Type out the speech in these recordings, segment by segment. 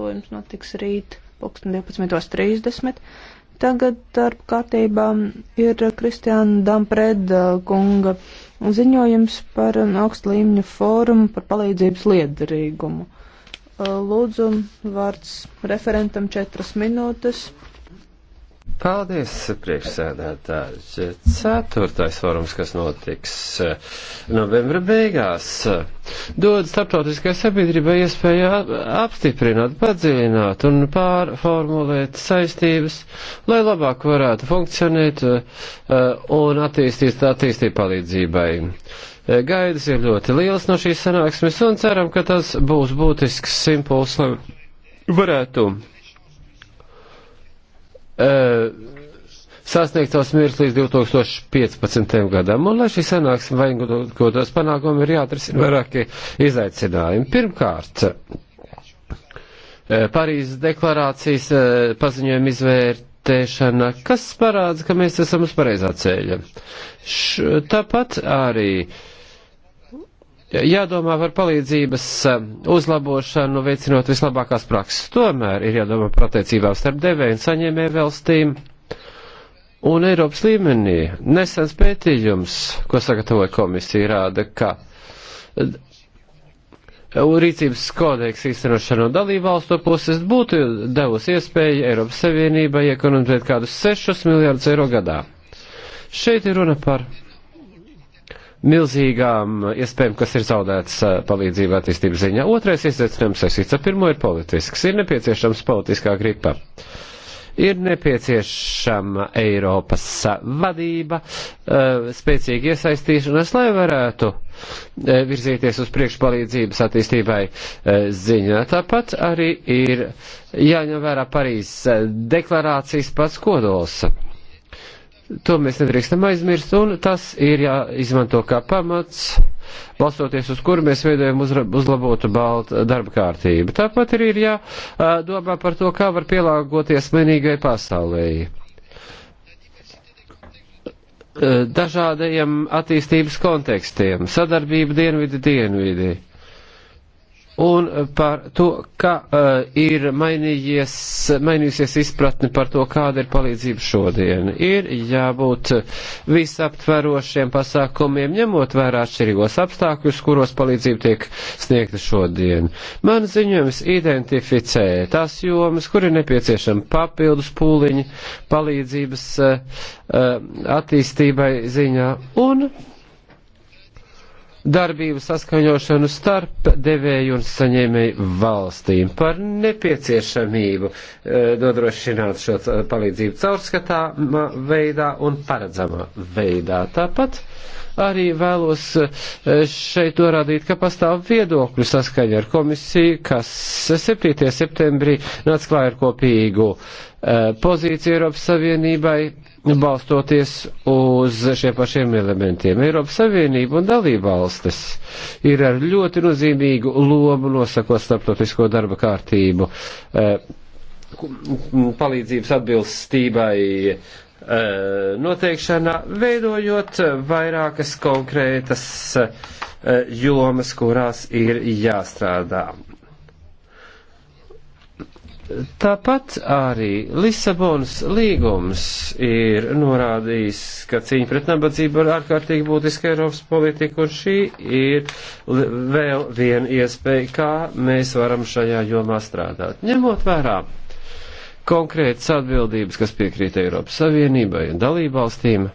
Balsojums notiks rīt 12.30. Tagad darba kārtībā ir Kristiāna Dampreda uh, kunga ziņojums par um, augstu līmeņu fórumu par palīdzības liederīgumu. Uh, lūdzu, vārds referentam četras minūtes. Paldies, priekšsēdētājs. Ceturtais forums, kas notiks eh, novembra beigās, eh, dod starptautiskai sabiedrībai iespēju apstiprināt, padziļināt un pārformulēt saistības, lai labāk varētu funkcionēt eh, un attīstīt attīstību palīdzībai. Gaidas ir ļoti liels no šīs sanāksmes un ceram, ka tas būs būtisks simpuls, lai varētu Eh, sasniegt savus mērķus līdz 2015. gadam. Un, lai šī sanāksme vainagotos panākumi, ir jāatrisina vairāki izaicinājumi. Pirmkārt, eh, Parīzes deklarācijas eh, paziņojuma izvērtēšana, kas parāda, ka mēs esam uz pareizā ceļa. Š, tāpat arī uh, jādomā par palīdzības eh, uzlabošanu, veicinot vislabākās prakses. Tomēr ir jādomā par attiecībām starp devēju un saņēmēju valstīm. Un Eiropas līmenī nesens pētījums, ko sagatavoja komisija, rāda, ka eh, rīcības kodeks īstenošana no dalībvalstu puses būtu devusi iespēju Eiropas Savienībai ekonomizēt kādus 6 miljardus eiro gadā. Šeit ir runa par milzīgām iespējām, kas ir zaudētas eh, palīdzībā attīstības ziņā. Otrais izaicinājums saistīts ar pirmo ir politisks. Ir nepieciešams politiskā gripa. Ir nepieciešama Eiropas vadība, eh, spēcīga iesaistīšanās, lai varētu eh, virzīties uz priekšpalīdzības attīstībai ziņā. Tāpat arī ir jāņem vērā Parīzes deklarācijas pats kodols To mēs nedrīkstam aizmirst, un tas ir jāizmanto kā pamats, balstoties uz kuru mēs veidojam uzlabotu baltu eh, darba kārtību. Tāpat arī ir jādomā par to, kā var pielāgoties mainīgai pasaulē. Eh, dažādajiem attīstības kontekstiem, sadarbība dienvidi dienvidi un par to, ka uh, ir mainījies, mainījusies izpratni par to, kāda ir palīdzība šodien. Ir jābūt visaptverošiem pasākumiem, ņemot vērā atšķirīgos apstākļus, kuros palīdzība tiek sniegta šodien. Man ziņojums identificē tās jomas, kur ir nepieciešama papildus pūliņi palīdzības uh, attīstībai ziņā un darbību saskaņošanu starp devēju un saņēmēju valstīm, par nepieciešamību eh, nodrošināt šo palīdzību caurskatāmā veidā un paredzamā veidā. Tāpat arī vēlos eh, šeit norādīt, ka pastāv viedokļu saskaņa ar komisiju, kas 7. septembrī nāca klāja ar kopīgu eh, pozīciju Eiropas Savienībai balstoties uz šiem pašiem elementiem. Eiropas Savienība un dalībvalstis ir ar ļoti nozīmīgu lomu nosakot starptautisko darba kārtību eh, palīdzības atbilstībai eh, noteikšanā, veidojot vairākas konkrētas eh, jomas, kurās ir jāstrādā. Tāpat arī Lisabonas līgums ir norādījis, ka cīņa pret nabadzību ir ārkārtīgi būtiska Eiropas politika, un šī ir vēl viena iespēja, kā mēs varam šajā jomā strādāt. Ņemot vērā konkrētas atbildības, kas piekrīt Eiropas Savienībai un dalībvalstīm,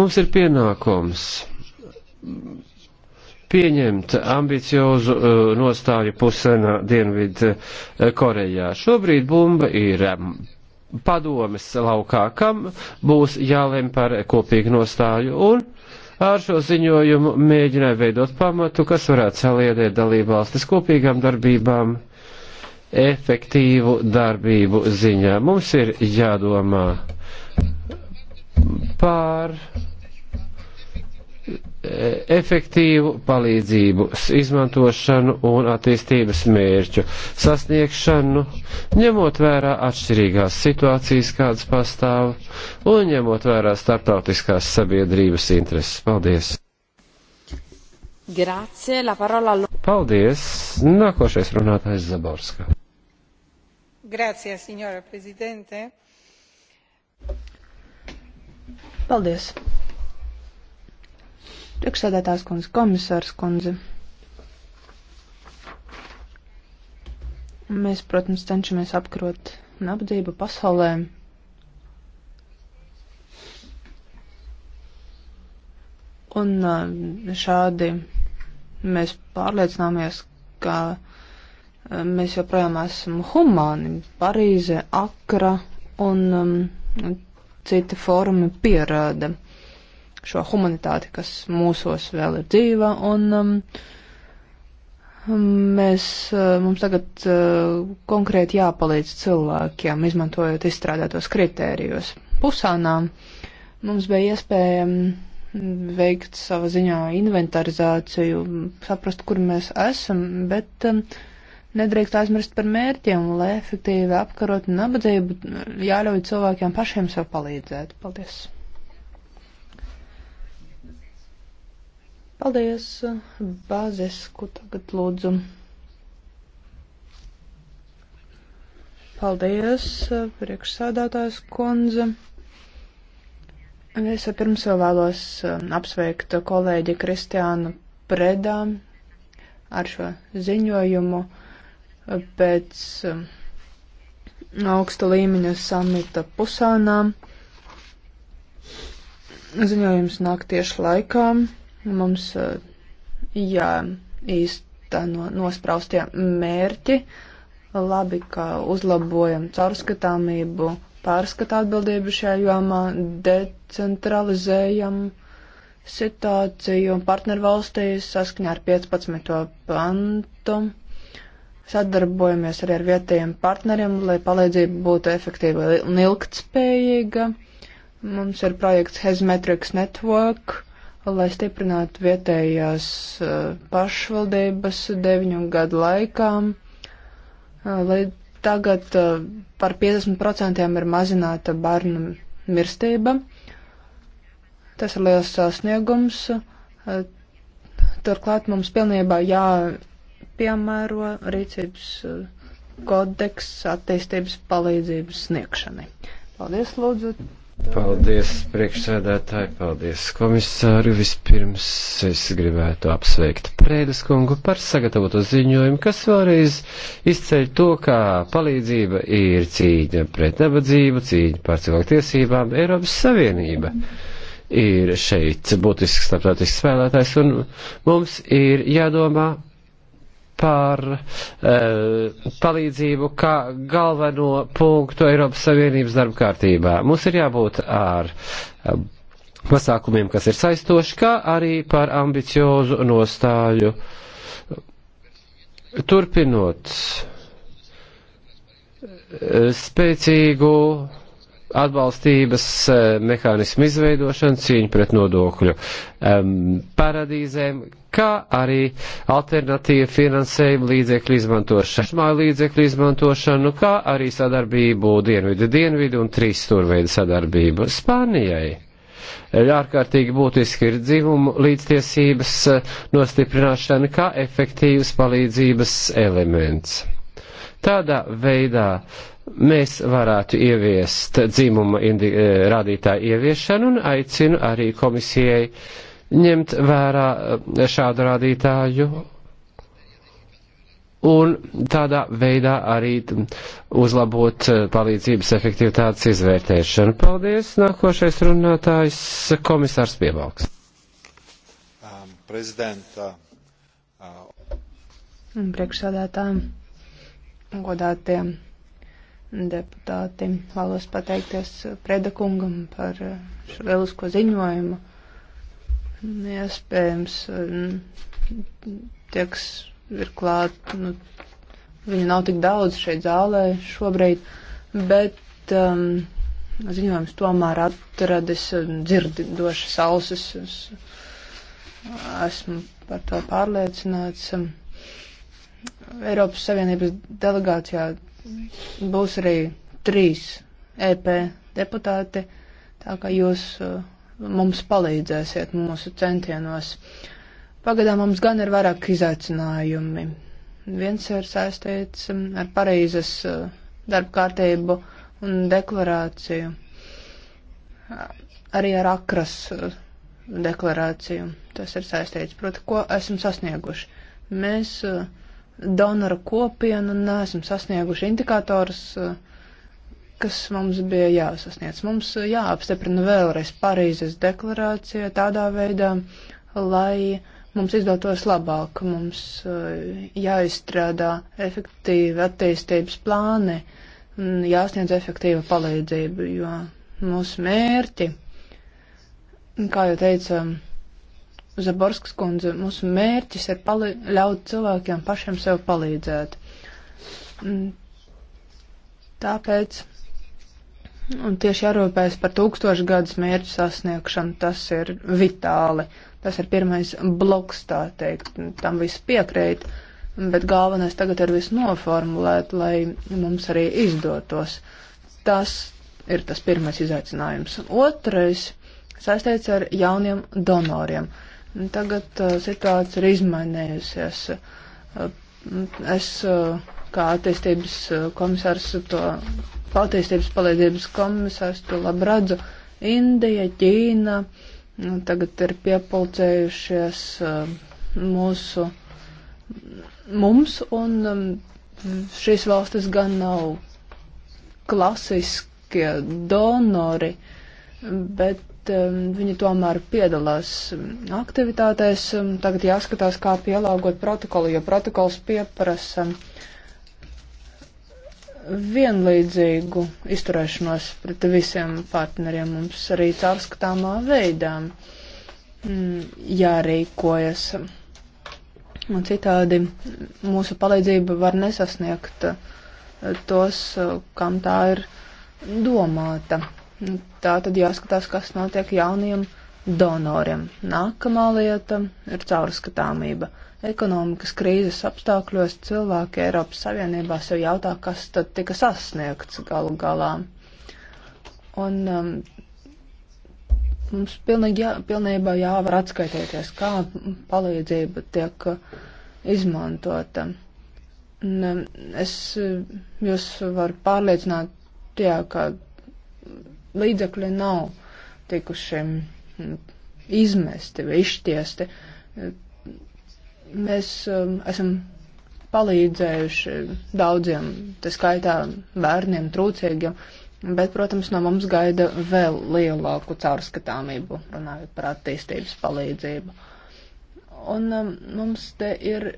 mums ir pienākums pieņemt ambiciozu uh, nostāju pusenā Dienvidu uh, Korejā. Šobrīd bumba ir um, padomes laukā, kam būs jālem par kopīgu nostāju un ar šo ziņojumu mēģināja veidot pamatu, kas varētu saliedēt dalībvalstis kopīgām darbībām efektīvu darbību ziņā. Mums ir jādomā pār efektīvu palīdzību izmantošanu un attīstības mērķu sasniegšanu, ņemot vērā atšķirīgās situācijas, kādas pastāv, un ņemot vērā starptautiskās sabiedrības intereses. Paldies! Grazie, la parola... Paldies! Nākošais runātājs Zaborska. Grazie, signora prezidente. Paldies! Priekšsēdētājs kundze, komisārs kundze. Mēs, protams, cenšamies apkarot nabadzību pasaulē. Un šādi mēs pārliecināmies, ka mēs joprojām esam humāni. Parīze, Akra un um, citi fórumi pierāda šo humanitāti, kas mūsos vēl ir dzīva, un um, um mēs, uh, mums tagad uh, konkrēti jāpalīdz cilvēkiem, izmantojot izstrādātos kritērijus. Pusānā mums bija iespēja um, veikt sava ziņā inventarizāciju, saprast, kur mēs esam, bet um, nedrīkst aizmirst par mērķiem, lai efektīvi apkarot nabadzību, jāļauj cilvēkiem pašiem sev palīdzēt. Paldies! Paldies, Bāzesku, tagad lūdzu. Paldies, priekšsādātājs kundze. Es pirms vēl vēlos um, apsveikt kolēģi Kristiānu Predā ar šo ziņojumu pēc um, augsta līmeņa samita pusānām. Ziņojums nāk tieši laikām. Mums eh, jāīsteno nospraustie mērķi, labi, ka uzlabojam caurskatāmību, pārskatā atbildību šajā jomā, decentralizējam situāciju partnervalstīs saskaņā ar 15. pantu. Sadarbojamies arī ar vietējiem partneriem, lai palīdzība būtu efektīva un ilgtspējīga. Mums ir projekts Hezmetrics Network, lai stiprinātu vietējās eh, pašvaldības deviņu gadu laikā, eh, lai tagad eh, par 50% ir mazināta bērnu mirstība. Tas ir liels sasniegums. Turklāt mums pilnībā jāpiemēro rīcības kodeks attīstības palīdzības sniegšanai. Paldies, lūdzu, Paldies, priekšsēdētāji, paldies komisāru. Vispirms es gribētu apsveikt Prēdas kungu par sagatavoto ziņojumu, kas vēlreiz izceļ to, kā palīdzība ir cīņa pret nabadzību, cīņa par cilvēktiesībām. Eiropas Savienība ir šeit būtisks starptautisks spēlētājs, un mums ir jādomā par e, palīdzību kā galveno punktu Eiropas Savienības darba kārtībā. Mums ir jābūt ar e, pasākumiem, kas ir saistoši, kā arī par ambiciozu nostāju. Turpinot eh, spēcīgu atbalstības eh, mehānismu izveidošanu, cīņu pret nodokļu um, paradīzēm, kā arī alternatīva finansējuma līdzekļu izmantošanu, šmāju līdzekļu izmantošanu, kā arī sadarbību dienvidu, dienvidu un trīs stūrveidu sadarbību Spānijai. Ārkārtīgi būtiski ir dzimumu līdztiesības eh, nostiprināšana kā efektīvs palīdzības elements. Tādā veidā uh, mēs varētu ieviest dzimuma eh, rādītāju ieviešanu un aicinu arī komisijai ņemt vērā eh, šādu rādītāju un tādā veidā arī uzlabot eh, palīdzības efektivitātes izvērtēšanu. Paldies! Nākošais runātājs komisārs Piebalgs. Um, prezidenta. Uh, uh Priekšsādātājiem, godātiem deputāti. Vēlos pateikties Preda kungam par šo lielisko ziņojumu. Iespējams, tieks ir klāt, nu, viņu nav tik daudz šeit zālē šobrīd, bet um, ziņojums tomēr atradis um, dzirdošas ausis. Es, esmu par to pārliecināts. Eiropas Savienības delegācijā būs arī trīs EP deputāti, tā kā jūs uh, mums palīdzēsiet mūsu centienos. Pagadām mums gan ir vairāk izaicinājumi. Viens ir saistīts um, ar Parīzes uh, darba kārtību un deklarāciju, arī ar akras uh, deklarāciju. Tas ir saistīts, proti, ko esam sasnieguši. Mēs uh, donoru kopienu un esam sasnieguši indikātors, kas mums bija jāsasniedz. Mums jāapstiprina vēlreiz Parīzes deklarācija tādā veidā, lai mums izdotos labāk, mums jāizstrādā efektīvi attīstības plāni, jāsniedz efektīva palīdzība, jo mūsu mērķi, kā jau teicām, Zaborskas kundze, mūsu mērķis ir ļaut cilvēkiem pašiem sev palīdzēt. Mm. Tāpēc un tieši jārūpējas par tūkstošu gadus mērķu sasniegšanu, tas ir vitāli. Tas ir pirmais bloks, tā teikt, tam viss piekrīt, bet galvenais tagad ir viss noformulēt, lai mums arī izdotos. Tas ir tas pirmais izaicinājums. Otrais saistīts ar jauniem donoriem. Uh, Tagad uh, situācija ir izmainījusies. Uh, es uh, kā attīstības uh, komisārs, to attīstības palīdzības komisārs, to labi redzu. Indija, Ķīna nu, tagad ir piepulcējušies uh, mūsu, mums, un um, šīs valstis gan nav klasiskie donori, bet bet um, viņi tomēr piedalās um, aktivitātēs. Um, tagad jāskatās, kā pielāgot protokolu, jo protokols pieprasa vienlīdzīgu izturēšanos pret visiem partneriem. Mums arī caurskatāmā veidā mm, jārīkojas. Un citādi mūsu palīdzība var nesasniegt uh, tos, uh, kam tā ir domāta. Nu, tā tad jāskatās, kas notiek jauniem donoriem. Nākamā lieta ir caurskatāmība. Ekonomikas krīzes apstākļos cilvēki Eiropas Savienībā sev jautā, kas tad tika sasniegts galu galā. Un um, mums pilnīgi jā, pilnībā jāvar atskaitīties, kā palīdzība tiek uh, izmantota. Un, um, es uh, jūs varu pārliecināt, jā, ka līdzekļi nav tikuši mm, izmesti vai izšķiesti. Mēs um, esam palīdzējuši daudziem, tā skaitā bērniem, trūcīgiem, bet, protams, no mums gaida vēl lielāku caurskatāmību, runājot par attīstības palīdzību. Un um, mums te ir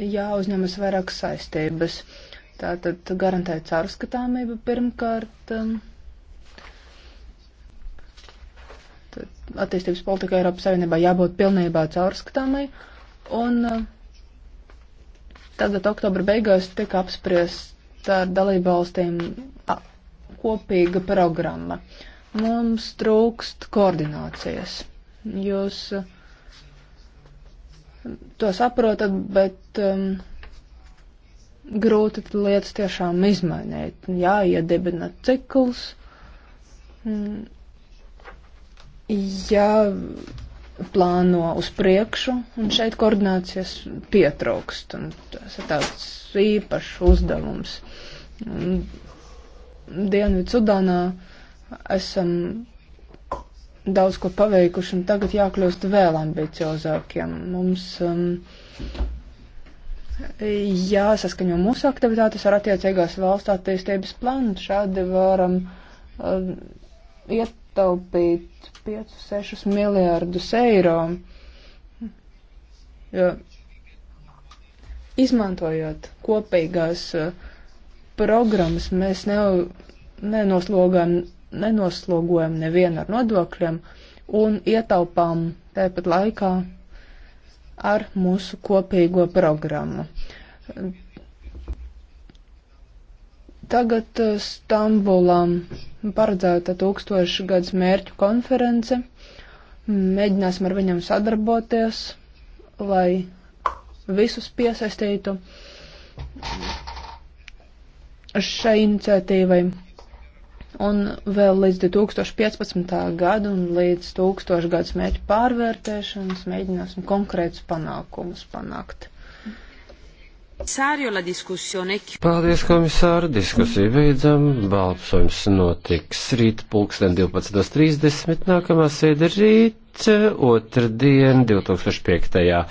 jāuzņemas vairāk saistības. Tātad garantēt caurskatāmību pirmkārt. Um, attīstības politika Eiropas Savienībā jābūt pilnībā caurskatāmai. Un uh, tagad oktobra beigās tika apspriesta ar dalībvalstīm kopīga programma. Mums trūkst koordinācijas. Jūs uh, to saprotat, bet um, grūti lietas tiešām izmainīt. Jā, iedibina cikls. Mm jāplāno uz priekšu, un šeit koordinācijas pietrūkst, un tas ir tāds īpašs uzdevums. Dienvidu Sudānā esam daudz ko paveikuši, un tagad jākļūst vēl ambiciozākiem. Mums um, jāsaskaņo mūsu aktivitātes ar attiecīgās valsts attīstības plānu. Šādi varam um, iet ietaupīt 5-6 miljārdus eiro, jo izmantojot kopīgās eh, programmas, mēs ne, nenoslogojam, nenoslogojam nevienu ar nodokļiem un ietaupām tāpat laikā ar mūsu kopīgo programmu. Tagad eh, Stambulam paredzēta tūkstošu gadus mērķu konference. Mēģināsim ar viņiem sadarboties, lai visus piesaistītu šai iniciatīvai. Un vēl līdz 2015. gadu un līdz 1000 gadus mērķu pārvērtēšanas mēģināsim konkrētus panākumus panākt. Paldies, komisāri! Diskusiju beidzam. Balsojums notiks rīt pulksten 12.30. Nākamā sēde rīt, eh, otrdien, 2005.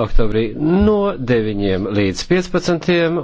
oktobrī no 9 līdz 15.